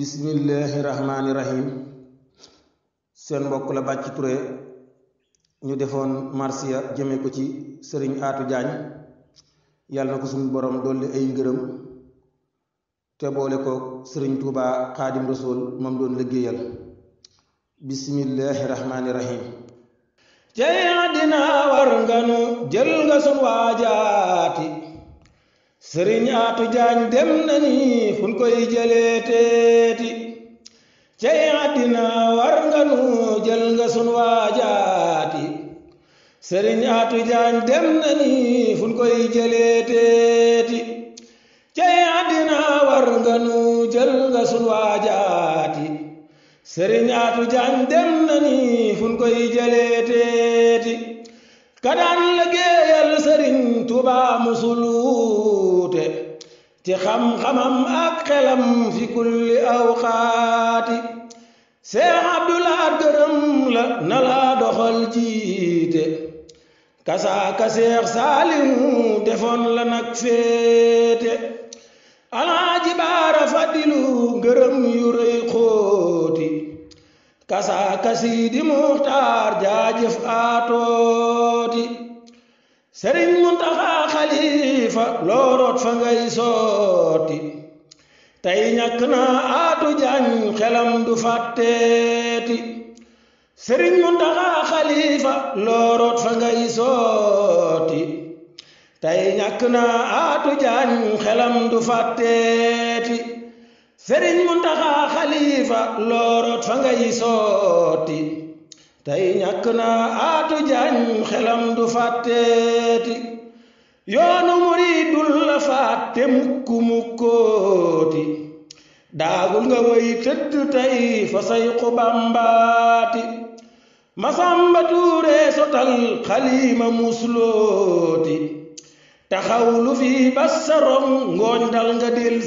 bismillaahi rahmaani rahim seen mbokk la Bathie Touré ñu defoon marsiya jëme ko ci sëriñ Aatu Jaañ yàlla na ko suñu borom dolli ay ngërëm te boole ko sëriñ Tuubaa Xaadim Rasuul moom doon liggéeyal bismillaahi rahmaani rahim cey àddina war nga nu jël nga sun waaja sëriñ Aatu Jaañ dem na ni fun koy jëlee teeti cey àddina war nga nu jël nga sun waajaati sëriñ Aatu Jaañ dem na ni fun koy jëlee teeti cey àddina war nga nu jël nga sun waajaati sëriñ Aatu Jaañ dem na ni fun koy jëlee teeti ka daan liggéeyal sëriñ Tuubaa musul ci xam-xamam ak xelam fi kulli awqaati seex abdulaat gërëm la na laa jiite kasaaka seex saalimu defoon la nag féete alaaji baara fadilu gërëm yu rëy xóoti kasaaka siidi muxtaar jaajëf aatoo sëriñ Muntaxa xalifa looroot fa ngay sooti tey ñàkk na aatu jaañ xelam du fàtteeti sëriñ Muntaxa xalifa looroot fa ngay sooti tey ñàkk na aatu jaañ xelam du fàtteeti sëriñ Muntaxa xalifa looroot fa ngay sooti tey ñàkk naa aatu jaañ xelam du fàtteeti yoonu muridul la fàtte mukk mukkooti daagul nga woy tëdd tey fa say xubambaati masamba tuure sotal xalima muslooti taxaw lu fi basarom ngooñ dal nga del